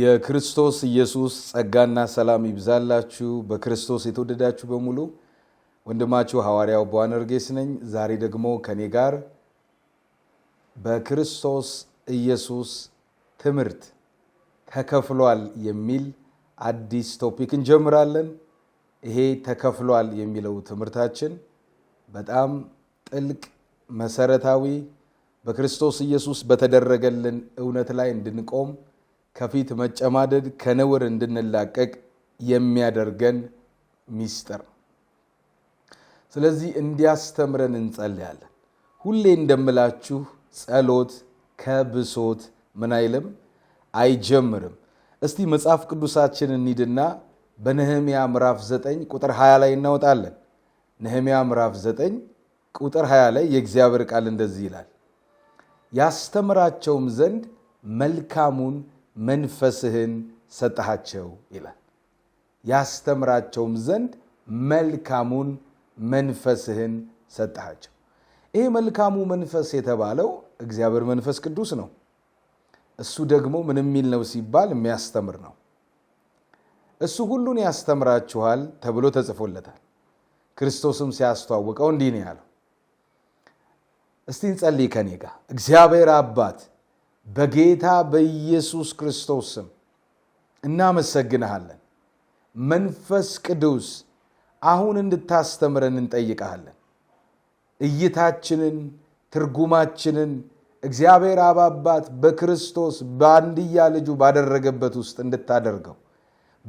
የክርስቶስ ኢየሱስ ጸጋና ሰላም ይብዛላችሁ። በክርስቶስ የተወደዳችሁ በሙሉ ወንድማችሁ ሐዋርያው በዋነርጌስ ነኝ። ዛሬ ደግሞ ከኔ ጋር በክርስቶስ ኢየሱስ ትምህርት ተከፍሏል የሚል አዲስ ቶፒክ እንጀምራለን። ይሄ ተከፍሏል የሚለው ትምህርታችን በጣም ጥልቅ መሰረታዊ፣ በክርስቶስ ኢየሱስ በተደረገልን እውነት ላይ እንድንቆም ከፊት መጨማደድ ከነውር እንድንላቀቅ የሚያደርገን ሚስጥር። ስለዚህ እንዲያስተምረን እንጸልያለን። ሁሌ እንደምላችሁ ጸሎት ከብሶት ምን አይልም አይጀምርም። እስቲ መጽሐፍ ቅዱሳችን እንሂድና በነህምያ ምዕራፍ 9 ቁጥር 20 ላይ እናወጣለን። ነህምያ ምዕራፍ 9 ቁጥር 20 ላይ የእግዚአብሔር ቃል እንደዚህ ይላል፣ ያስተምራቸውም ዘንድ መልካሙን መንፈስህን ሰጠሃቸው ይላል። ያስተምራቸውም ዘንድ መልካሙን መንፈስህን ሰጠሃቸው። ይሄ መልካሙ መንፈስ የተባለው እግዚአብሔር መንፈስ ቅዱስ ነው። እሱ ደግሞ ምን የሚል ነው ሲባል የሚያስተምር ነው። እሱ ሁሉን ያስተምራችኋል ተብሎ ተጽፎለታል። ክርስቶስም ሲያስተዋውቀው እንዲህ ነው ያለው። እስቲ እንጸልይ ከኔ ጋር። እግዚአብሔር አባት በጌታ በኢየሱስ ክርስቶስ ስም እናመሰግንሃለን። መንፈስ ቅዱስ አሁን እንድታስተምረን እንጠይቀሃለን። እይታችንን፣ ትርጉማችንን እግዚአብሔር አብ አባት በክርስቶስ በአንድያ ልጁ ባደረገበት ውስጥ እንድታደርገው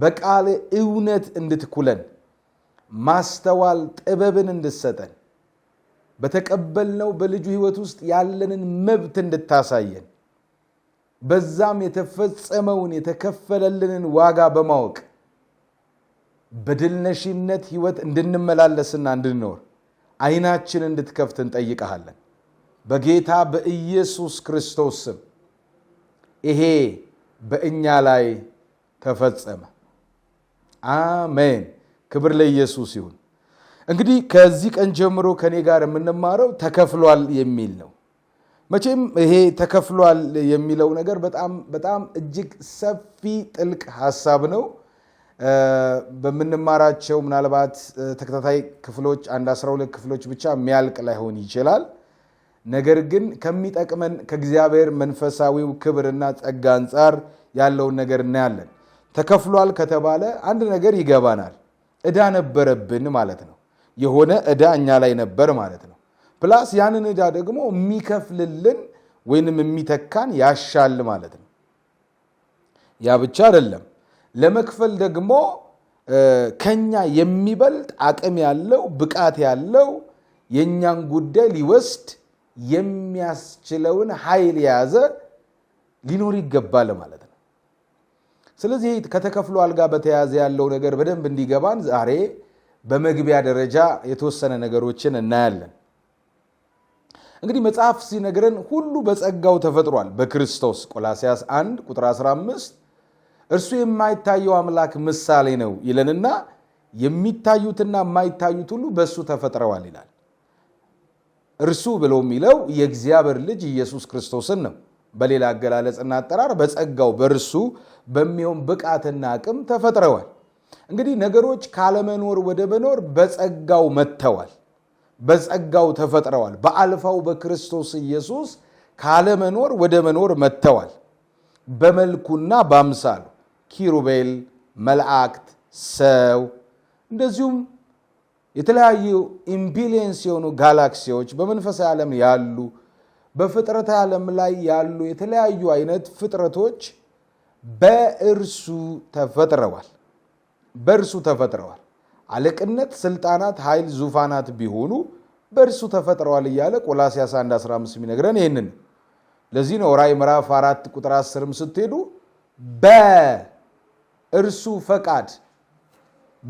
በቃል እውነት እንድትኩለን ማስተዋል ጥበብን እንድትሰጠን በተቀበልነው በልጁ ሕይወት ውስጥ ያለንን መብት እንድታሳየን በዛም የተፈጸመውን የተከፈለልንን ዋጋ በማወቅ በድልነሽነት ህይወት እንድንመላለስና እንድንኖር አይናችን እንድትከፍት እንጠይቀሃለን። በጌታ በኢየሱስ ክርስቶስ ስም ይሄ በእኛ ላይ ተፈጸመ። አሜን። ክብር ለኢየሱስ ይሁን። እንግዲህ ከዚህ ቀን ጀምሮ ከኔ ጋር የምንማረው ተከፍሏል የሚል ነው። መቼም ይሄ ተከፍሏል የሚለው ነገር በጣም በጣም እጅግ ሰፊ ጥልቅ ሀሳብ ነው። በምንማራቸው ምናልባት ተከታታይ ክፍሎች አንድ 12 ክፍሎች ብቻ የሚያልቅ ላይሆን ይችላል። ነገር ግን ከሚጠቅመን ከእግዚአብሔር መንፈሳዊው ክብርና ጸጋ አንጻር ያለውን ነገር እናያለን። ተከፍሏል ከተባለ አንድ ነገር ይገባናል። እዳ ነበረብን ማለት ነው። የሆነ እዳ እኛ ላይ ነበር ማለት ነው። ፕላስ ያንን እዳ ደግሞ የሚከፍልልን ወይንም የሚተካን ያሻል ማለት ነው። ያ ብቻ አይደለም፣ ለመክፈል ደግሞ ከኛ የሚበልጥ አቅም ያለው ብቃት ያለው የእኛን ጉዳይ ሊወስድ የሚያስችለውን ኃይል የያዘ ሊኖር ይገባል ማለት ነው። ስለዚህ ከተከፍሎ አልጋ በተያያዘ ያለው ነገር በደንብ እንዲገባን ዛሬ በመግቢያ ደረጃ የተወሰነ ነገሮችን እናያለን። እንግዲህ መጽሐፍ ሲነግረን ሁሉ በጸጋው ተፈጥሯል በክርስቶስ ቆላሲያስ 1 ቁጥር 15 እርሱ የማይታየው አምላክ ምሳሌ ነው ይለንና የሚታዩትና የማይታዩት ሁሉ በእሱ ተፈጥረዋል ይላል። እርሱ ብሎ የሚለው የእግዚአብሔር ልጅ ኢየሱስ ክርስቶስን ነው። በሌላ አገላለጽና አጠራር በጸጋው በእርሱ በሚሆን ብቃትና አቅም ተፈጥረዋል። እንግዲህ ነገሮች ካለመኖር ወደ መኖር በጸጋው መጥተዋል። በጸጋው ተፈጥረዋል። በአልፋው በክርስቶስ ኢየሱስ ካለመኖር ወደ መኖር መጥተዋል። በመልኩና በአምሳሉ ኪሩቤል፣ መላእክት፣ ሰው እንደዚሁም የተለያዩ ኢምቢሊየንስ የሆኑ ጋላክሲዎች በመንፈሳዊ ዓለም ያሉ በፍጥረት ዓለም ላይ ያሉ የተለያዩ አይነት ፍጥረቶች በእርሱ ተፈጥረዋል በእርሱ ተፈጥረዋል። አለቅነት፣ ስልጣናት፣ ኃይል፣ ዙፋናት ቢሆኑ በእርሱ ተፈጥረዋል እያለ ቆላሲያስ 1 15 የሚነግረን ይህንን። ለዚህ ነው ራዕይ ምዕራፍ 4 ቁጥር 10 ስትሄዱ በእርሱ ፈቃድ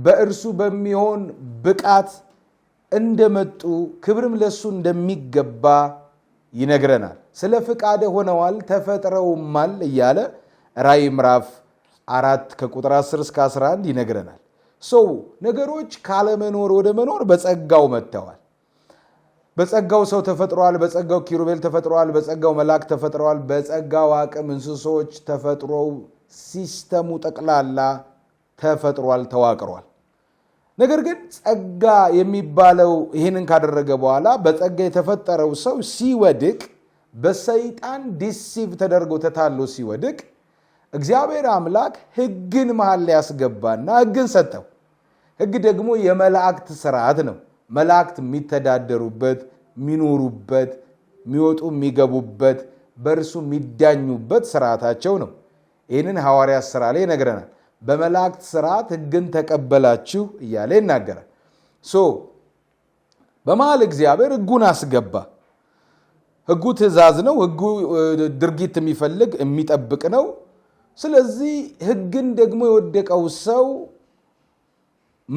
በእርሱ በሚሆን ብቃት እንደመጡ ክብርም ለእሱ እንደሚገባ ይነግረናል። ስለ ፍቃደ ሆነዋል ተፈጥረውማል እያለ ራዕይ ምዕራፍ አራት ከቁጥር 10 እስከ 11 ይነግረናል። ሰው ነገሮች ካለመኖር ወደ መኖር በጸጋው መጥተዋል። በጸጋው ሰው ተፈጥሯል። በጸጋው ኪሩቤል ተፈጥሯል፣ በጸጋው መልአክ ተፈጥረዋል። በጸጋው አቅም እንስሶች ተፈጥሮው ሲስተሙ ጠቅላላ ተፈጥሯል፣ ተዋቅሯል። ነገር ግን ጸጋ የሚባለው ይህንን ካደረገ በኋላ በጸጋ የተፈጠረው ሰው ሲወድቅ በሰይጣን ዲሲቭ ተደርጎ ተታሎ ሲወድቅ እግዚአብሔር አምላክ ህግን መሀል ላይ ያስገባና ህግን ሰጠው። ህግ ደግሞ የመላእክት ስርዓት ነው። መላእክት የሚተዳደሩበት፣ የሚኖሩበት፣ የሚወጡ የሚገቡበት፣ በእርሱ የሚዳኙበት ስርዓታቸው ነው። ይህንን ሐዋርያት ስራ ላይ ይነግረናል። በመላእክት ስርዓት ህግን ተቀበላችሁ እያለ ይናገራል። ሶ በመሀል እግዚአብሔር ህጉን አስገባ። ህጉ ትእዛዝ ነው። ህጉ ድርጊት የሚፈልግ የሚጠብቅ ነው። ስለዚህ ህግን ደግሞ የወደቀው ሰው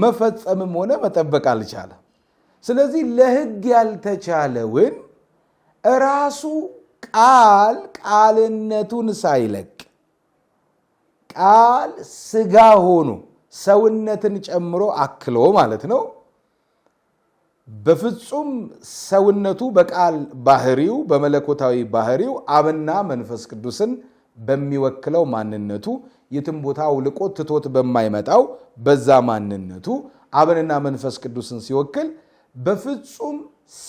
መፈጸምም ሆነ መጠበቅ አልቻለም። ስለዚህ ለህግ ያልተቻለውን እራሱ ቃል ቃልነቱን ሳይለቅ ቃል ስጋ ሆኖ ሰውነትን ጨምሮ አክሎ ማለት ነው። በፍጹም ሰውነቱ በቃል ባህሪው በመለኮታዊ ባህሪው አብና መንፈስ ቅዱስን በሚወክለው ማንነቱ የትም ቦታ አውልቆ ትቶት በማይመጣው በዛ ማንነቱ አብንና መንፈስ ቅዱስን ሲወክል በፍጹም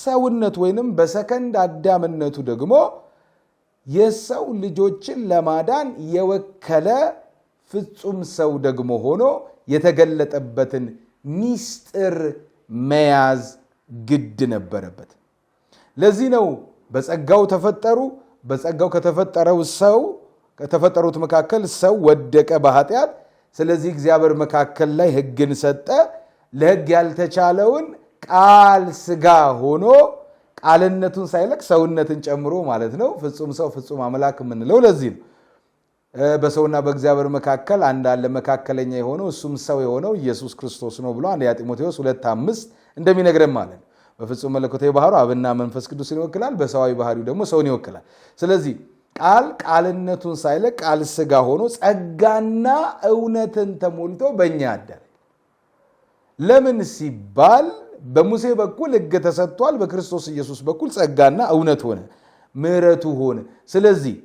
ሰውነት ወይንም በሰከንድ አዳምነቱ ደግሞ የሰው ልጆችን ለማዳን የወከለ ፍጹም ሰው ደግሞ ሆኖ የተገለጠበትን ሚስጥር መያዝ ግድ ነበረበት። ለዚህ ነው በጸጋው ተፈጠሩ። በጸጋው ከተፈጠረው ሰው ከተፈጠሩት መካከል ሰው ወደቀ በኃጢአት። ስለዚህ እግዚአብሔር መካከል ላይ ሕግን ሰጠ። ለሕግ ያልተቻለውን ቃል ስጋ ሆኖ ቃልነቱን ሳይለቅ ሰውነትን ጨምሮ ማለት ነው። ፍጹም ሰው ፍጹም አምላክ የምንለው ለዚህ ነው። በሰውና በእግዚአብሔር መካከል አንዳለ መካከለኛ የሆነው እሱም ሰው የሆነው ኢየሱስ ክርስቶስ ነው ብሎ አንደኛ ጢሞቴዎስ ሁለት አምስት እንደሚነግረን ማለት ነው። በፍጹም መለኮታዊ ባህሩ አብና መንፈስ ቅዱስን ይወክላል። በሰዋዊ ባህሪው ደግሞ ሰውን ይወክላል። ስለዚህ ቃል ቃልነቱን ሳይለቅ ቃል ስጋ ሆኖ ጸጋና እውነትን ተሞልቶ በእኛ አደረ። ለምን ሲባል በሙሴ በኩል ሕግ ተሰጥቷል። በክርስቶስ ኢየሱስ በኩል ጸጋና እውነት ሆነ፣ ምሕረቱ ሆነ። ስለዚህ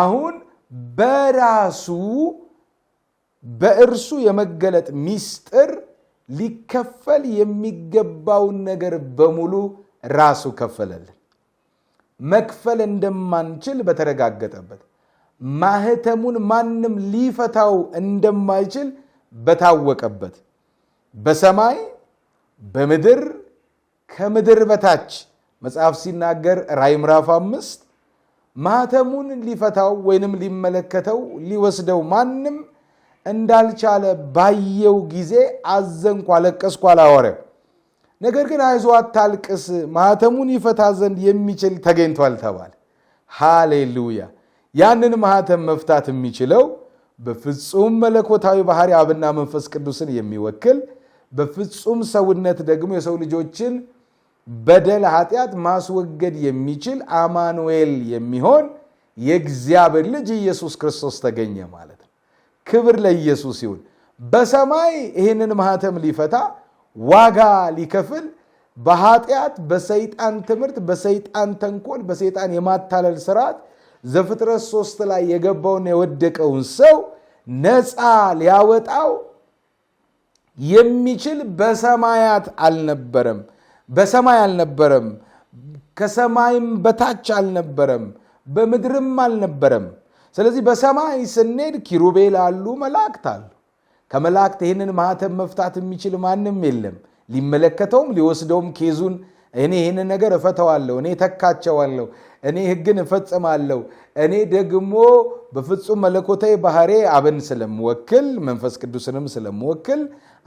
አሁን በራሱ በእርሱ የመገለጥ ሚስጥር ሊከፈል የሚገባውን ነገር በሙሉ ራሱ ከፈለልን። መክፈል እንደማንችል በተረጋገጠበት፣ ማህተሙን ማንም ሊፈታው እንደማይችል በታወቀበት፣ በሰማይ በምድር ከምድር በታች መጽሐፍ ሲናገር ራይ ምዕራፍ አምስት ማህተሙን ሊፈታው ወይንም ሊመለከተው ሊወስደው ማንም እንዳልቻለ ባየው ጊዜ አዘንኩ፣ አለቀስኩ አላወረም። ነገር ግን አይዞ አታልቅስ፣ ማህተሙን ይፈታ ዘንድ የሚችል ተገኝቷል ተባለ። ሃሌሉያ! ያንን ማህተም መፍታት የሚችለው በፍጹም መለኮታዊ ባህሪ አብና መንፈስ ቅዱስን የሚወክል በፍጹም ሰውነት ደግሞ የሰው ልጆችን በደል ኃጢአት ማስወገድ የሚችል አማኑኤል የሚሆን የእግዚአብሔር ልጅ ኢየሱስ ክርስቶስ ተገኘ ማለት ነው። ክብር ለኢየሱስ ይሁን። በሰማይ ይህንን ማህተም ሊፈታ ዋጋ ሊከፍል በኃጢአት በሰይጣን ትምህርት በሰይጣን ተንኮል በሰይጣን የማታለል ስርዓት ዘፍጥረት ሶስት ላይ የገባውን የወደቀውን ሰው ነፃ ሊያወጣው የሚችል በሰማያት አልነበረም። በሰማይ አልነበረም። ከሰማይም በታች አልነበረም። በምድርም አልነበረም። ስለዚህ በሰማይ ስንሄድ ኪሩቤል አሉ፣ መላእክት አሉ። ከመላእክት ይህንን ማህተም መፍታት የሚችል ማንም የለም። ሊመለከተውም ሊወስደውም ኬዙን እኔ ይህንን ነገር እፈተዋለሁ፣ እኔ እተካቸዋለሁ፣ እኔ ህግን እፈጽማለሁ፣ እኔ ደግሞ በፍጹም መለኮታዊ ባህሬ አብን ስለምወክል መንፈስ ቅዱስንም ስለምወክል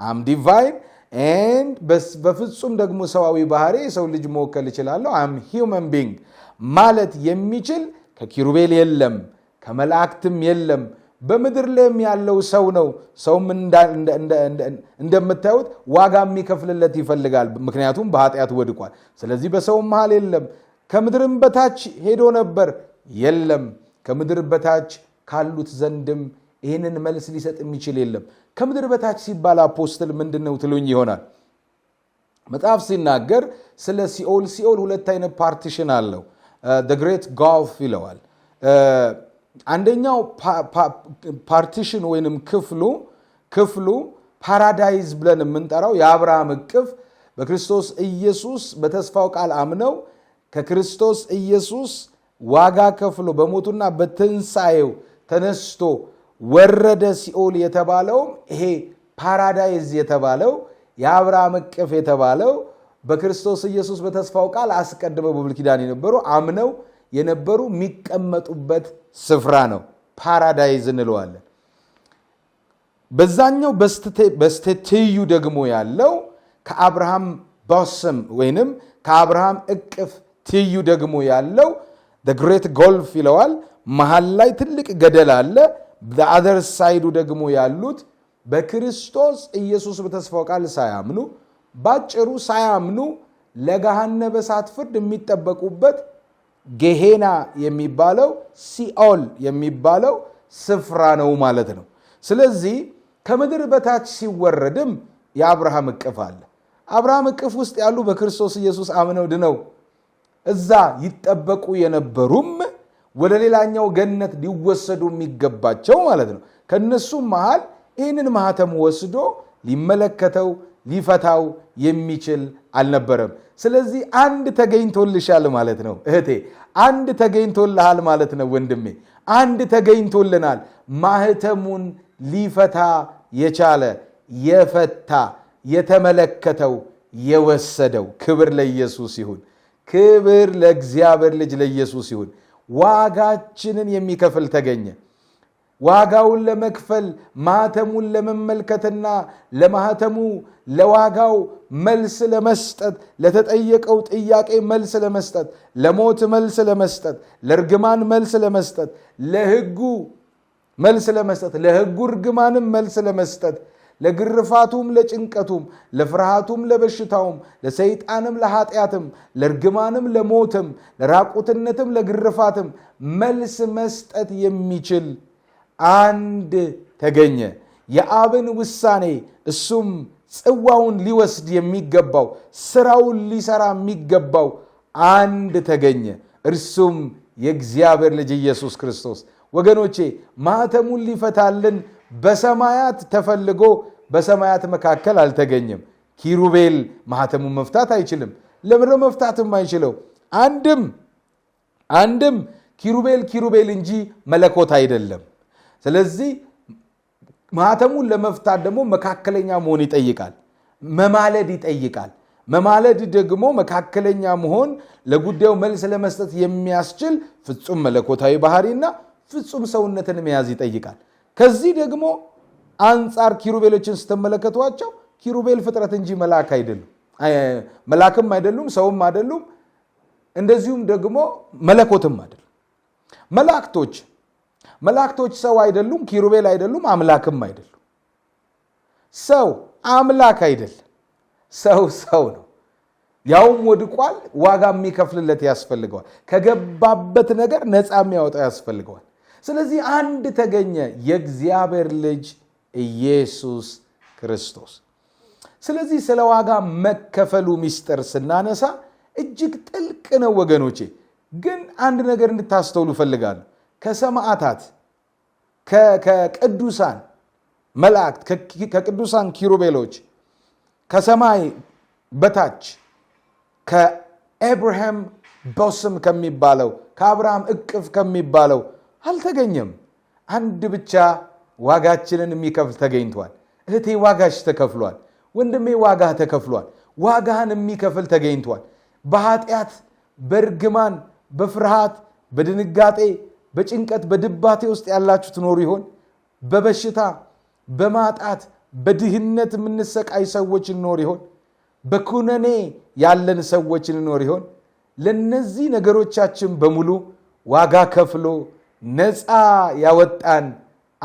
አም ዲቫይን ኤንድ በፍጹም ደግሞ ሰዋዊ ባህሬ የሰው ልጅ መወከል እችላለሁ አም ሂውመን ቢንግ ማለት የሚችል ከኪሩቤል የለም፣ ከመላእክትም የለም። በምድር ላይም ያለው ሰው ነው። ሰውም እንደምታዩት ዋጋ የሚከፍልለት ይፈልጋል። ምክንያቱም በኃጢአት ወድቋል። ስለዚህ በሰው መሃል የለም። ከምድርም በታች ሄዶ ነበር፣ የለም። ከምድር በታች ካሉት ዘንድም ይህንን መልስ ሊሰጥ የሚችል የለም። ከምድር በታች ሲባል አፖስትል ምንድን ነው ትሉኝ ይሆናል። መጽሐፍ ሲናገር ስለ ሲኦል ሲኦል ሁለት አይነት ፓርቲሽን አለው። ግሬት ጋፍ ይለዋል አንደኛው ፓርቲሽን ወይንም ክፍሉ ክፍሉ ፓራዳይዝ ብለን የምንጠራው የአብርሃም እቅፍ በክርስቶስ ኢየሱስ በተስፋው ቃል አምነው ከክርስቶስ ኢየሱስ ዋጋ ከፍሎ በሞቱና በትንሣኤው ተነስቶ ወረደ ሲኦል የተባለውም ይሄ ፓራዳይዝ የተባለው የአብርሃም እቅፍ የተባለው በክርስቶስ ኢየሱስ በተስፋው ቃል አስቀድመው በብሉይ ኪዳን የነበሩ አምነው የነበሩ የሚቀመጡበት ስፍራ ነው። ፓራዳይዝ እንለዋለን። በዛኛው በስተትይዩ ደግሞ ያለው ከአብርሃም ቦስም ወይንም ከአብርሃም እቅፍ ትይዩ ደግሞ ያለው ግሬት ጎልፍ ይለዋል። መሀል ላይ ትልቅ ገደል አለ። በአዘር ሳይዱ ደግሞ ያሉት በክርስቶስ ኢየሱስ በተስፋው ቃል ሳያምኑ ባጭሩ ሳያምኑ ለገሃነመ እሳት ፍርድ የሚጠበቁበት ጌሄና የሚባለው ሲኦል የሚባለው ስፍራ ነው ማለት ነው። ስለዚህ ከምድር በታች ሲወረድም የአብርሃም እቅፍ አለ። አብርሃም እቅፍ ውስጥ ያሉ በክርስቶስ ኢየሱስ አምነው ድነው እዛ ይጠበቁ የነበሩም ወደ ሌላኛው ገነት ሊወሰዱ የሚገባቸው ማለት ነው። ከነሱም መሃል ይህንን ማህተም ወስዶ ሊመለከተው ሊፈታው የሚችል አልነበረም። ስለዚህ አንድ ተገኝቶልሻል ማለት ነው እህቴ፣ አንድ ተገኝቶልሃል ማለት ነው ወንድሜ፣ አንድ ተገኝቶልናል። ማህተሙን ሊፈታ የቻለ የፈታ የተመለከተው የወሰደው። ክብር ለኢየሱስ ይሁን። ክብር ለእግዚአብሔር ልጅ ለኢየሱስ ይሁን። ዋጋችንን የሚከፍል ተገኘ። ዋጋውን ለመክፈል ማህተሙን ለመመልከትና ለማህተሙ ለዋጋው መልስ ለመስጠት ለተጠየቀው ጥያቄ መልስ ለመስጠት ለሞት መልስ ለመስጠት ለእርግማን መልስ ለመስጠት ለህጉ መልስ ለመስጠት ለህጉ እርግማንም መልስ ለመስጠት ለግርፋቱም ለጭንቀቱም ለፍርሃቱም ለበሽታውም ለሰይጣንም ለኃጢአትም ለእርግማንም ለሞትም ለራቁትነትም ለግርፋትም መልስ መስጠት የሚችል አንድ ተገኘ። የአብን ውሳኔ እሱም ጽዋውን ሊወስድ የሚገባው ስራውን ሊሰራ የሚገባው አንድ ተገኘ፣ እርሱም የእግዚአብሔር ልጅ ኢየሱስ ክርስቶስ። ወገኖቼ ማተሙን ሊፈታልን በሰማያት ተፈልጎ በሰማያት መካከል አልተገኘም። ኪሩቤል ማህተሙን መፍታት አይችልም። ለምድረ መፍታትም አይችለው። አንድም አንድም ኪሩቤል ኪሩቤል እንጂ መለኮት አይደለም። ስለዚህ ማተሙን ለመፍታት ደግሞ መካከለኛ መሆን ይጠይቃል፣ መማለድ ይጠይቃል። መማለድ ደግሞ መካከለኛ መሆን ለጉዳዩ መልስ ለመስጠት የሚያስችል ፍጹም መለኮታዊ ባህሪና ፍጹም ሰውነትን መያዝ ይጠይቃል። ከዚህ ደግሞ አንጻር ኪሩቤሎችን ስትመለከቷቸው ኪሩቤል ፍጥረት እንጂ መልአክ አይደሉም፣ መልአክም አይደሉም፣ ሰውም አይደሉም፣ እንደዚሁም ደግሞ መለኮትም አይደሉም። መላእክቶች መላእክቶች ሰው አይደሉም፣ ኪሩቤል አይደሉም፣ አምላክም አይደሉም። ሰው አምላክ አይደለም። ሰው ሰው ነው። ያውም ወድቋል። ዋጋ የሚከፍልለት ያስፈልገዋል። ከገባበት ነገር ነፃ የሚያወጣው ያስፈልገዋል። ስለዚህ አንድ ተገኘ፣ የእግዚአብሔር ልጅ ኢየሱስ ክርስቶስ። ስለዚህ ስለ ዋጋ መከፈሉ ምስጢር ስናነሳ እጅግ ጥልቅ ነው ወገኖቼ። ግን አንድ ነገር እንድታስተውሉ እፈልጋለሁ። ከሰማዕታት ከቅዱሳን መላእክት ከቅዱሳን ኪሩቤሎች ከሰማይ በታች ከኤብርሃም ቦስም ከሚባለው ከአብርሃም እቅፍ ከሚባለው አልተገኘም። አንድ ብቻ ዋጋችንን የሚከፍል ተገኝቷል። እህቴ ዋጋሽ ተከፍሏል። ወንድሜ ዋጋ ተከፍሏል። ዋጋህን የሚከፍል ተገኝቷል። በኃጢአት፣ በእርግማን፣ በፍርሃት፣ በድንጋጤ በጭንቀት በድባቴ ውስጥ ያላችሁ ትኖሩ ይሆን? በበሽታ በማጣት በድህነት የምንሰቃይ ሰዎች እንኖር ይሆን? በኩነኔ ያለን ሰዎች እንኖር ይሆን? ለነዚህ ነገሮቻችን በሙሉ ዋጋ ከፍሎ ነፃ ያወጣን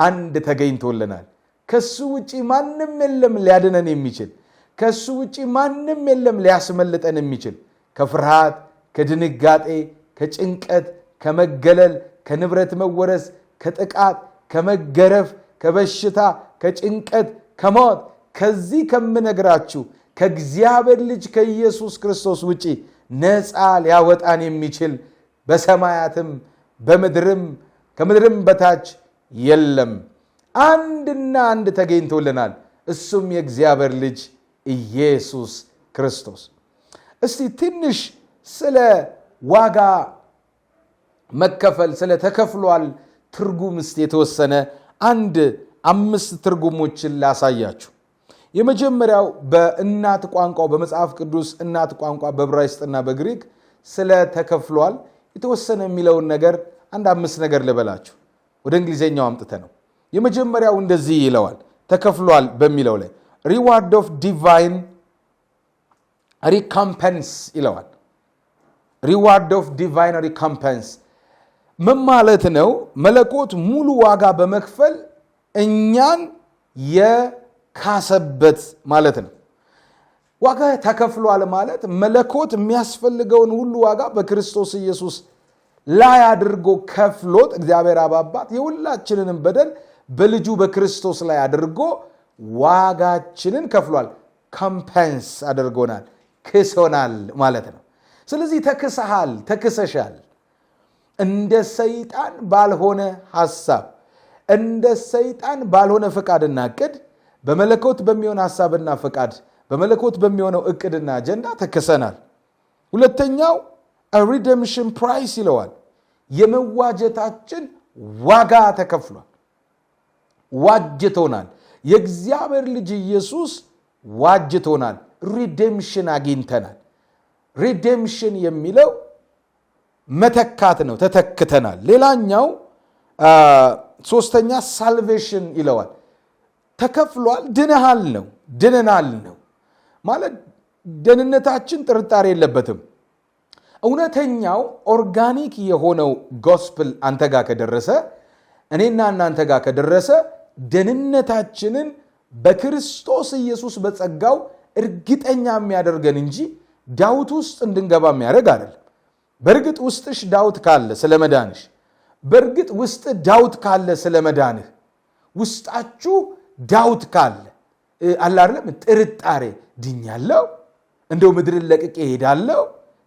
አንድ ተገኝቶልናል። ከሱ ውጪ ማንም የለም ሊያድነን የሚችል ከሱ ውጪ ማንም የለም ሊያስመልጠን የሚችል ከፍርሃት፣ ከድንጋጤ፣ ከጭንቀት፣ ከመገለል ከንብረት መወረስ፣ ከጥቃት፣ ከመገረፍ፣ ከበሽታ፣ ከጭንቀት፣ ከሞት ከዚህ ከምነግራችሁ ከእግዚአብሔር ልጅ ከኢየሱስ ክርስቶስ ውጪ ነፃ ሊያወጣን የሚችል በሰማያትም በምድርም ከምድርም በታች የለም። አንድና አንድ ተገኝቶልናል። እሱም የእግዚአብሔር ልጅ ኢየሱስ ክርስቶስ። እስቲ ትንሽ ስለ ዋጋ መከፈል ስለ ተከፍሏል ትርጉም ስ የተወሰነ አንድ አምስት ትርጉሞችን ላሳያችሁ። የመጀመሪያው በእናት ቋንቋ በመጽሐፍ ቅዱስ እናት ቋንቋ በብራይስጥና በግሪክ ስለ ተከፍሏል የተወሰነ የሚለውን ነገር አንድ አምስት ነገር ልበላችሁ ወደ እንግሊዝኛው አምጥተ ነው። የመጀመሪያው እንደዚህ ይለዋል ተከፍሏል በሚለው ላይ ሪዋርድ ኦፍ ዲቫይን ሪካምፐንስ ይለዋል። ሪዋርድ ኦፍ ዲቫይን ሪካምፐንስ ምን ማለት ነው? መለኮት ሙሉ ዋጋ በመክፈል እኛን የካሰበት ማለት ነው። ዋጋ ተከፍሏል ማለት መለኮት የሚያስፈልገውን ሁሉ ዋጋ በክርስቶስ ኢየሱስ ላይ አድርጎ ከፍሎት እግዚአብሔር አባባት የሁላችንንም በደል በልጁ በክርስቶስ ላይ አድርጎ ዋጋችንን ከፍሏል። ካምፐንስ አድርጎናል፣ ክሶናል ማለት ነው። ስለዚህ ተክሰሃል፣ ተክሰሻል እንደ ሰይጣን ባልሆነ ሐሳብ እንደ ሰይጣን ባልሆነ ፈቃድና እቅድ በመለኮት በሚሆን ሐሳብና ፈቃድ በመለኮት በሚሆነው እቅድና አጀንዳ ተከሰናል። ሁለተኛው ሪደምሽን ፕራይስ ይለዋል። የመዋጀታችን ዋጋ ተከፍሏል። ዋጅቶናል። የእግዚአብሔር ልጅ ኢየሱስ ዋጅቶናል። ሪደምሽን አግኝተናል። ሪደምሽን የሚለው መተካት ነው። ተተክተናል። ሌላኛው ሶስተኛ ሳልቬሽን ይለዋል። ተከፍሏል፣ ድነሃል ነው። ድነናል ነው ማለት ደህንነታችን ጥርጣሬ የለበትም። እውነተኛው ኦርጋኒክ የሆነው ጎስፕል አንተ ጋር ከደረሰ እኔና እናንተ ጋር ከደረሰ ደህንነታችንን በክርስቶስ ኢየሱስ በጸጋው እርግጠኛ የሚያደርገን እንጂ ዳውት ውስጥ እንድንገባ የሚያደርግ አይደል። በእርግጥ ውስጥሽ ዳውት ካለ ስለ መዳንሽ፣ በእርግጥ ውስጥ ዳውት ካለ ስለ መዳንህ፣ ውስጣችሁ ዳውት ካለ አላለም ጥርጣሬ ድኛለው፣ እንደው ምድርን ለቅቄ ሄዳለው፣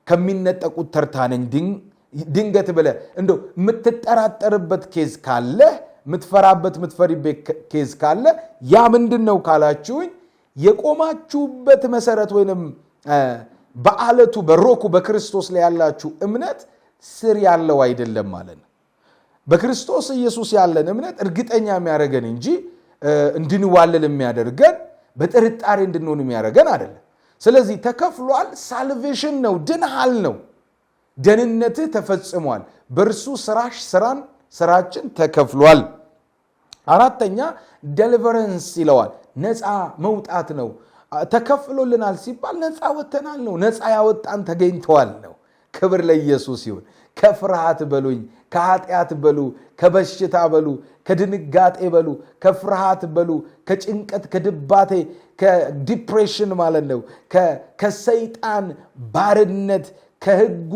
ከሚነጠቁት ተርታነኝ ድንገት ብለ እንደው የምትጠራጠርበት ኬዝ ካለ የምትፈራበት የምትፈሪበት ኬዝ ካለ ያ ምንድን ነው ካላችሁኝ የቆማችሁበት መሰረት ወይንም በአለቱ በሮኩ በክርስቶስ ላይ ያላችሁ እምነት ስር ያለው አይደለም ማለት ነው። በክርስቶስ ኢየሱስ ያለን እምነት እርግጠኛ የሚያደርገን እንጂ እንድንዋለል የሚያደርገን በጥርጣሬ እንድንሆን የሚያደርገን አይደለም። ስለዚህ ተከፍሏል፣ ሳልቬሽን ነው፣ ድንሃል ነው፣ ደህንነትህ ተፈጽሟል፣ በእርሱ ስራሽ ስራን ስራችን ተከፍሏል። አራተኛ ደሊቨረንስ ይለዋል፣ ነፃ መውጣት ነው። ተከፍሎልናል ሲባል ነፃ ወጥተናል ነው። ነፃ ያወጣን ተገኝተዋል ነው። ክብር ለኢየሱስ ይሁን። ከፍርሃት በሉኝ፣ ከኃጢአት በሉ፣ ከበሽታ በሉ፣ ከድንጋጤ በሉ፣ ከፍርሃት በሉ፣ ከጭንቀት፣ ከድባቴ፣ ከዲፕሬሽን ማለት ነው፣ ከሰይጣን ባርነት፣ ከህጉ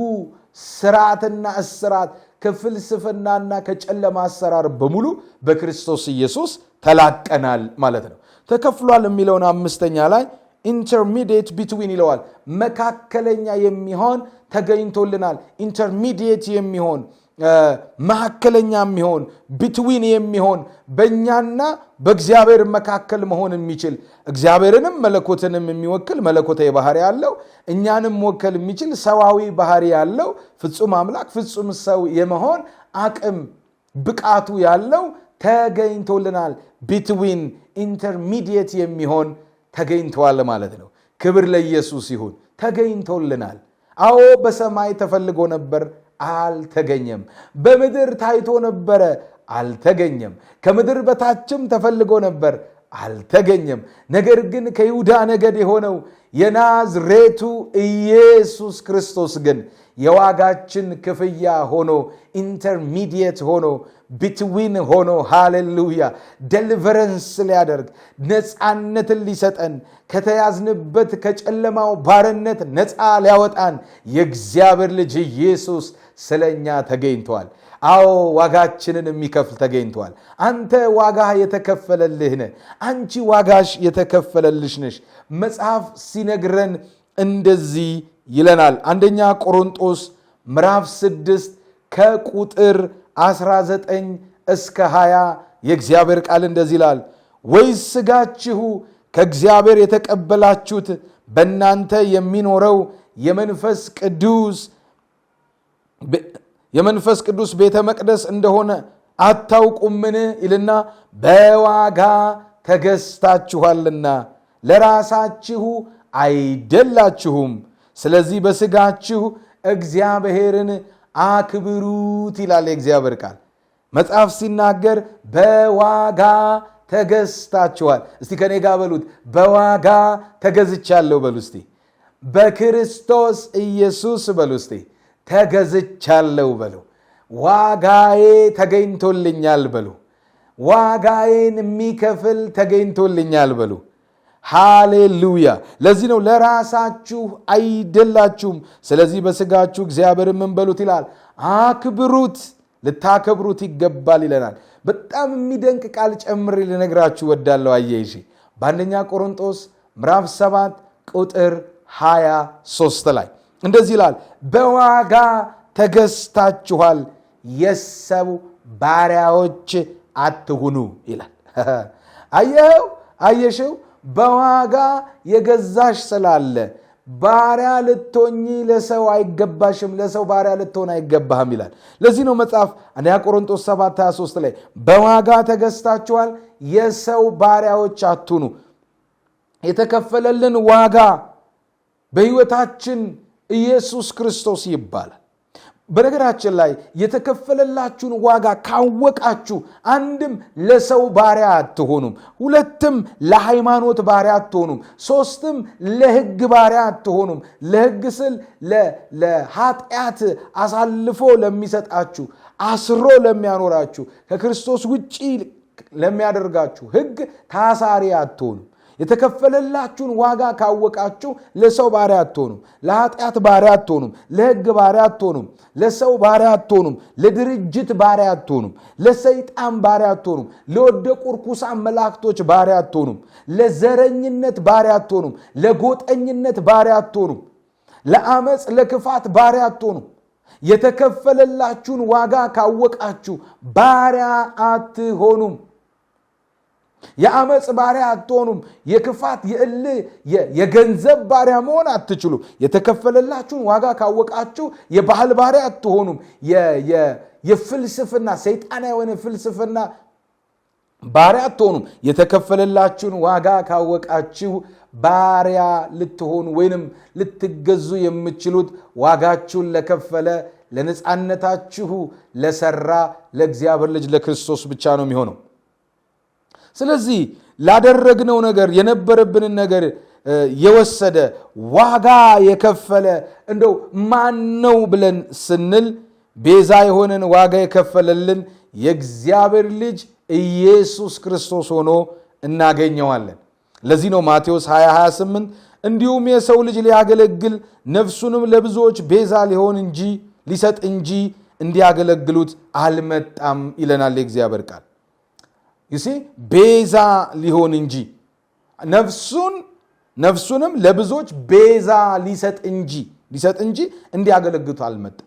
ስርዓትና እስራት፣ ከፍልስፍናና ከጨለማ አሰራር በሙሉ በክርስቶስ ኢየሱስ ተላቀናል ማለት ነው። ተከፍሏል የሚለውን አምስተኛ ላይ ኢንተርሚዲየት ቢትዊን ይለዋል። መካከለኛ የሚሆን ተገኝቶልናል። ኢንተርሚዲየት የሚሆን መካከለኛ የሚሆን ቢትዊን የሚሆን በእኛና በእግዚአብሔር መካከል መሆን የሚችል እግዚአብሔርንም መለኮትንም የሚወክል መለኮታዊ ባህሪ ያለው እኛንም ወከል የሚችል ሰዋዊ ባህር ያለው ፍጹም አምላክ ፍጹም ሰው የመሆን አቅም ብቃቱ ያለው ተገኝቶልናል። ቢትዊን ኢንተርሚዲየት የሚሆን ተገኝተዋል ማለት ነው። ክብር ለኢየሱስ ይሁን። ተገኝቶልናል። አዎ በሰማይ ተፈልጎ ነበር፣ አልተገኘም። በምድር ታይቶ ነበረ፣ አልተገኘም። ከምድር በታችም ተፈልጎ ነበር አልተገኘም። ነገር ግን ከይሁዳ ነገድ የሆነው የናዝሬቱ ኢየሱስ ክርስቶስ ግን የዋጋችን ክፍያ ሆኖ ኢንተርሚዲየት ሆኖ ቢትዊን ሆኖ ሃሌሉያ ደሊቨረንስ ሊያደርግ ነፃነትን ሊሰጠን ከተያዝንበት ከጨለማው ባርነት ነፃ ሊያወጣን የእግዚአብሔር ልጅ ኢየሱስ ስለኛ ተገኝተዋል። አዎ ዋጋችንን የሚከፍል ተገኝቷል። አንተ ዋጋ የተከፈለልህ ነህ። አንቺ ዋጋሽ የተከፈለልሽ ነሽ። መጽሐፍ ሲነግረን እንደዚህ ይለናል። አንደኛ ቆሮንጦስ ምዕራፍ 6 ከቁጥር 19 እስከ 20 የእግዚአብሔር ቃል እንደዚህ ይላል፣ ወይስ ሥጋችሁ ከእግዚአብሔር የተቀበላችሁት በእናንተ የሚኖረው የመንፈስ ቅዱስ የመንፈስ ቅዱስ ቤተ መቅደስ እንደሆነ አታውቁምን? ይልና በዋጋ ተገዝታችኋልና ለራሳችሁ አይደላችሁም። ስለዚህ በስጋችሁ እግዚአብሔርን አክብሩት ይላል የእግዚአብሔር ቃል። መጽሐፍ ሲናገር በዋጋ ተገዝታችኋል። እስቲ ከኔ ጋር በሉት፣ በዋጋ ተገዝቻለሁ በሉ እስቲ፣ በክርስቶስ ኢየሱስ በሉ እስቲ ተገዝቻለሁ በሉ። ዋጋዬ ተገኝቶልኛል በሉ። ዋጋዬን የሚከፍል ተገኝቶልኛል በሉ። ሃሌሉያ! ለዚህ ነው ለራሳችሁ አይደላችሁም፣ ስለዚህ በስጋችሁ እግዚአብሔር የምንበሉት ይላል፣ አክብሩት፣ ልታከብሩት ይገባል ይለናል። በጣም የሚደንቅ ቃል ጨምሬ ልነግራችሁ ወዳለው አየይሺ በአንደኛ ቆሮንጦስ ምዕራፍ 7 ቁጥር 23 ላይ እንደዚህ ይላል፣ በዋጋ ተገዝታችኋል፣ የሰው ባሪያዎች አትሁኑ ይላል። አየኸው፣ አየሽው፣ በዋጋ የገዛሽ ስላለ ባሪያ ልትሆኚ ለሰው አይገባሽም፣ ለሰው ባሪያ ልትሆን አይገባህም ይላል። ለዚህ ነው መጽሐፍ አንደኛ ቆሮንጦስ 7 23 ላይ በዋጋ ተገዝታችኋል፣ የሰው ባሪያዎች አትሁኑ። የተከፈለልን ዋጋ በህይወታችን። ኢየሱስ ክርስቶስ ይባላል። በነገራችን ላይ የተከፈለላችሁን ዋጋ ካወቃችሁ አንድም ለሰው ባሪያ አትሆኑም፣ ሁለትም ለሃይማኖት ባሪያ አትሆኑም፣ ሶስትም ለህግ ባሪያ አትሆኑም። ለህግ ስል ለኃጢአት አሳልፎ ለሚሰጣችሁ አስሮ ለሚያኖራችሁ ከክርስቶስ ውጪ ለሚያደርጋችሁ ህግ ታሳሪ አትሆኑም። የተከፈለላችሁን ዋጋ ካወቃችሁ ለሰው ባሪያ አትሆኑም። ለኃጢአት ባሪያ አትሆኑም። ለሕግ ባሪያ አትሆኑም። ለሰው ባሪያ አትሆኑም። ለድርጅት ባሪያ አትሆኑም። ለሰይጣን ባሪያ አትሆኑም። ለወደቁ ርኩሳን መላእክቶች ባሪያ አትሆኑም። ለዘረኝነት ባሪያ አትሆኑም። ለጎጠኝነት ባሪያ አትሆኑም። ለአመፅ፣ ለክፋት ባሪያ አትሆኑም። የተከፈለላችሁን ዋጋ ካወቃችሁ ባሪያ አትሆኑም። የአመፅ ባሪያ አትሆኑም። የክፋት የእል የገንዘብ ባሪያ መሆን አትችሉም። የተከፈለላችሁን ዋጋ ካወቃችሁ የባህል ባሪያ አትሆኑም። የፍልስፍና ሰይጣና የሆነ ፍልስፍና ባሪያ አትሆኑም። የተከፈለላችሁን ዋጋ ካወቃችሁ ባሪያ ልትሆኑ ወይንም ልትገዙ የምችሉት ዋጋችሁን ለከፈለ ለነፃነታችሁ ለሰራ ለእግዚአብሔር ልጅ ለክርስቶስ ብቻ ነው የሚሆነው። ስለዚህ ላደረግነው ነገር የነበረብንን ነገር የወሰደ ዋጋ የከፈለ እንደው ማን ነው ብለን ስንል ቤዛ የሆነን ዋጋ የከፈለልን የእግዚአብሔር ልጅ ኢየሱስ ክርስቶስ ሆኖ እናገኘዋለን። ለዚህ ነው ማቴዎስ 2028 እንዲሁም የሰው ልጅ ሊያገለግል ነፍሱንም ለብዙዎች ቤዛ ሊሆን እንጂ ሊሰጥ እንጂ እንዲያገለግሉት አልመጣም ይለናል የእግዚአብሔር ቃል። ይሴ ቤዛ ሊሆን እንጂ ነፍሱን ነፍሱንም ለብዙዎች ቤዛ ሊሰጥ እንጂ ሊሰጥ እንጂ እንዲያገለግቱ አልመጣም።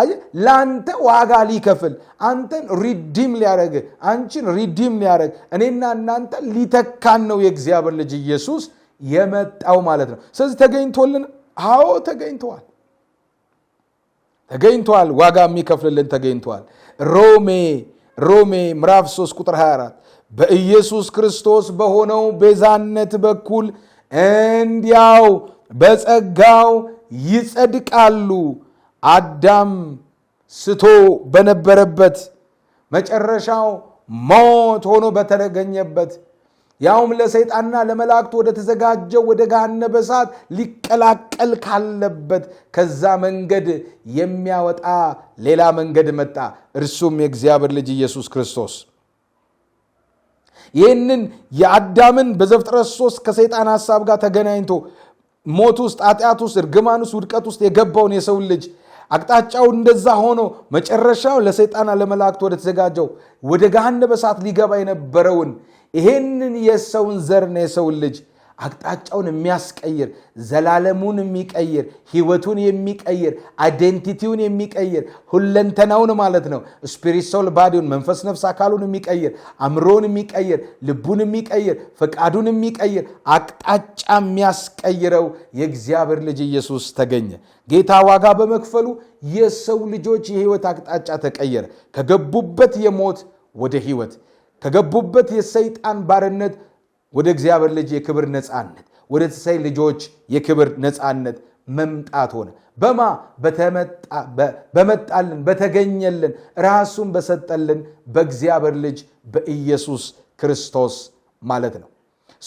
አየህ ለአንተ ዋጋ ሊከፍል አንተን ሪዲም ሊያደረግ አንቺን ሪዲም ሊያደረግ እኔና እናንተ ሊተካን ነው የእግዚአብሔር ልጅ ኢየሱስ የመጣው ማለት ነው። ስለዚህ ተገኝቶልን፣ አዎ ተገኝተዋል፣ ተገኝተዋል። ዋጋ የሚከፍልልን ተገኝተዋል። ሮሜ ሮሜ ምዕራፍ 3 ቁጥር 24 በኢየሱስ ክርስቶስ በሆነው ቤዛነት በኩል እንዲያው በጸጋው ይጸድቃሉ። አዳም ስቶ በነበረበት መጨረሻው ሞት ሆኖ በተገኘበት ያውም ለሰይጣንና ለመላእክቱ ወደ ተዘጋጀው ወደ ጋነ በሳት ሊቀላቀል ካለበት ከዛ መንገድ የሚያወጣ ሌላ መንገድ መጣ። እርሱም የእግዚአብሔር ልጅ ኢየሱስ ክርስቶስ። ይህንን የአዳምን በዘፍጥረት ሶስት ከሰይጣን ሀሳብ ጋር ተገናኝቶ ሞት ውስጥ፣ ኃጢአት ውስጥ፣ እርግማን ውስጥ፣ ውድቀት ውስጥ የገባውን የሰውን ልጅ አቅጣጫው እንደዛ ሆኖ መጨረሻው ለሰይጣና ለመላእክት ወደ ተዘጋጀው ወደ ገሃነመ እሳት ሊገባ የነበረውን ይሄንን የሰውን ዘር ነው የሰውን ልጅ አቅጣጫውን የሚያስቀይር ዘላለሙን የሚቀይር ህይወቱን የሚቀይር አይዴንቲቲውን የሚቀይር ሁለንተናውን ማለት ነው ስፒሪት ሶል ባዲውን መንፈስ ነፍስ አካሉን የሚቀይር አእምሮውን የሚቀይር ልቡን የሚቀይር ፈቃዱን የሚቀይር አቅጣጫ የሚያስቀይረው የእግዚአብሔር ልጅ ኢየሱስ ተገኘ ጌታ ዋጋ በመክፈሉ የሰው ልጆች የህይወት አቅጣጫ ተቀየረ ከገቡበት የሞት ወደ ህይወት ከገቡበት የሰይጣን ባርነት ወደ እግዚአብሔር ልጅ የክብር ነፃነት፣ ወደ ተሳይ ልጆች የክብር ነፃነት መምጣት ሆነ። በማ በመጣልን በተገኘልን ራሱን በሰጠልን በእግዚአብሔር ልጅ በኢየሱስ ክርስቶስ ማለት ነው።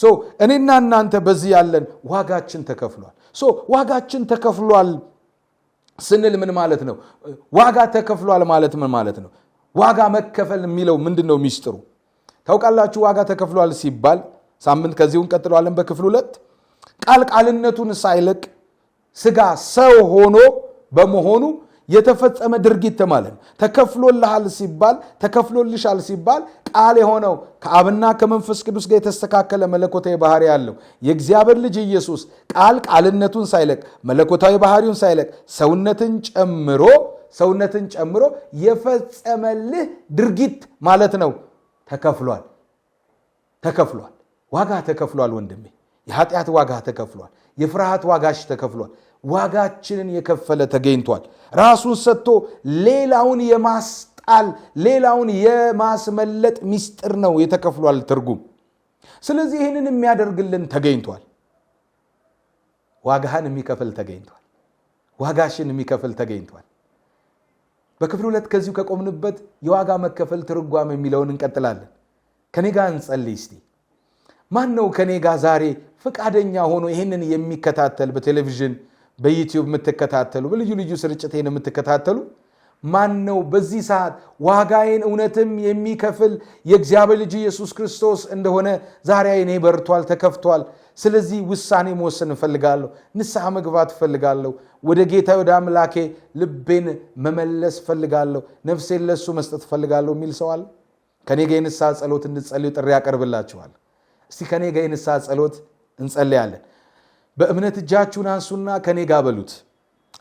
ሶ እኔና እናንተ በዚህ ያለን ዋጋችን ተከፍሏል። ሶ ዋጋችን ተከፍሏል ስንል ምን ማለት ነው? ዋጋ ተከፍሏል ማለት ምን ማለት ነው? ዋጋ መከፈል የሚለው ምንድን ነው ሚስጥሩ? ታውቃላችሁ ዋጋ ተከፍሏል ሲባል ሳምንት ከዚሁ እንቀጥለዋለን። በክፍል ሁለት ቃል ቃልነቱን ሳይለቅ ስጋ ሰው ሆኖ በመሆኑ የተፈጸመ ድርጊት ተማለን ተከፍሎልሃል ሲባል ተከፍሎልሻል ሲባል ቃል የሆነው ከአብና ከመንፈስ ቅዱስ ጋር የተስተካከለ መለኮታዊ ባህሪ ያለው የእግዚአብሔር ልጅ ኢየሱስ ቃል ቃልነቱን ሳይለቅ መለኮታዊ ባህሪውን ሳይለቅ ሰውነትን ጨምሮ ሰውነትን ጨምሮ የፈጸመልህ ድርጊት ማለት ነው ተከፍሏል ተከፍሏል ዋጋ ተከፍሏል ወንድሜ የኃጢአት ዋጋ ተከፍሏል የፍርሃት ዋጋሽ ተከፍሏል ዋጋችንን የከፈለ ተገኝቷል ራሱን ሰጥቶ ሌላውን የማስጣል ሌላውን የማስመለጥ ሚስጥር ነው የተከፍሏል ትርጉም ስለዚህ ይህንን የሚያደርግልን ተገኝቷል ዋጋህን የሚከፍል ተገኝቷል ዋጋሽን የሚከፍል ተገኝቷል በክፍል ሁለት ከዚሁ ከቆምንበት የዋጋ መከፈል ትርጓም የሚለውን እንቀጥላለን። ከኔ ጋር እንጸልይ እስቲ። ማን ነው ከኔ ጋር ዛሬ ፈቃደኛ ሆኖ ይህንን የሚከታተል በቴሌቪዥን በዩትዩብ የምትከታተሉ በልዩ ልዩ ስርጭቴን የምትከታተሉ ማን ነው በዚህ ሰዓት ዋጋዬን እውነትም የሚከፍል የእግዚአብሔር ልጅ ኢየሱስ ክርስቶስ እንደሆነ ዛሬ አይኔ በርቷል፣ ተከፍቷል። ስለዚህ ውሳኔ መወሰን እፈልጋለሁ። ንስሐ መግባት እፈልጋለሁ። ወደ ጌታ ወደ አምላኬ ልቤን መመለስ እፈልጋለሁ። ነፍሴን ለሱ መስጠት እፈልጋለሁ የሚል ሰዋል ከኔ ጋ የንስሐ ጸሎት እንድጸልዩ ጥሪ ያቀርብላችኋል። እስቲ ከኔ ጋ የንስሐ ጸሎት እንጸልያለን። በእምነት እጃችሁን አንሱና ከኔ ጋ በሉት።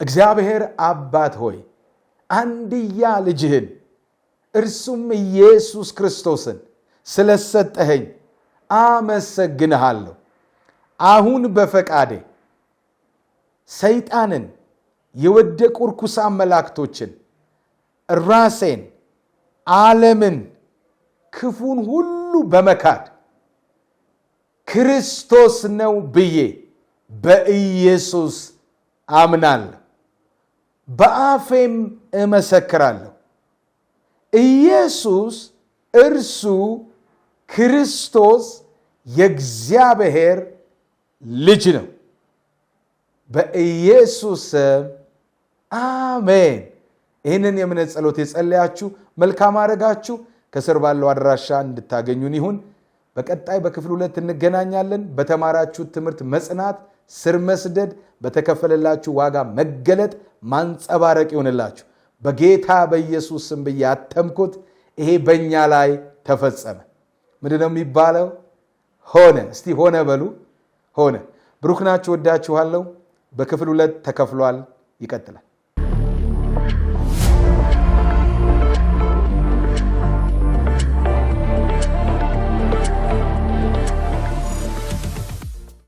እግዚአብሔር አባት ሆይ አንድያ ልጅህን እርሱም ኢየሱስ ክርስቶስን ስለሰጠኸኝ አመሰግንሃለሁ። አሁን በፈቃዴ ሰይጣንን፣ የወደቁ ርኩሳን መላእክቶችን፣ ራሴን፣ ዓለምን፣ ክፉን ሁሉ በመካድ ክርስቶስ ነው ብዬ በኢየሱስ አምናለሁ። በአፌም እመሰክራለሁ። ኢየሱስ እርሱ ክርስቶስ የእግዚአብሔር ልጅ ነው። በኢየሱስ አሜን። ይህንን የእምነት ጸሎት የጸለያችሁ መልካም አድረጋችሁ። ከስር ባለው አድራሻ እንድታገኙን ይሁን። በቀጣይ በክፍል ሁለት እንገናኛለን። በተማራችሁ ትምህርት መጽናት፣ ስር መስደድ፣ በተከፈለላችሁ ዋጋ መገለጥ ማንጸባረቅ ይሆንላችሁ። በጌታ በኢየሱስ ስም ብዬ አተምኩት። ይሄ በእኛ ላይ ተፈጸመ። ምንድን ነው የሚባለው? ሆነ። እስቲ ሆነ በሉ። ሆነ። ብሩክናቸሁ ናችሁ። ወዳችኋለሁ። በክፍል ሁለት ተከፍሏል። ይቀጥላል።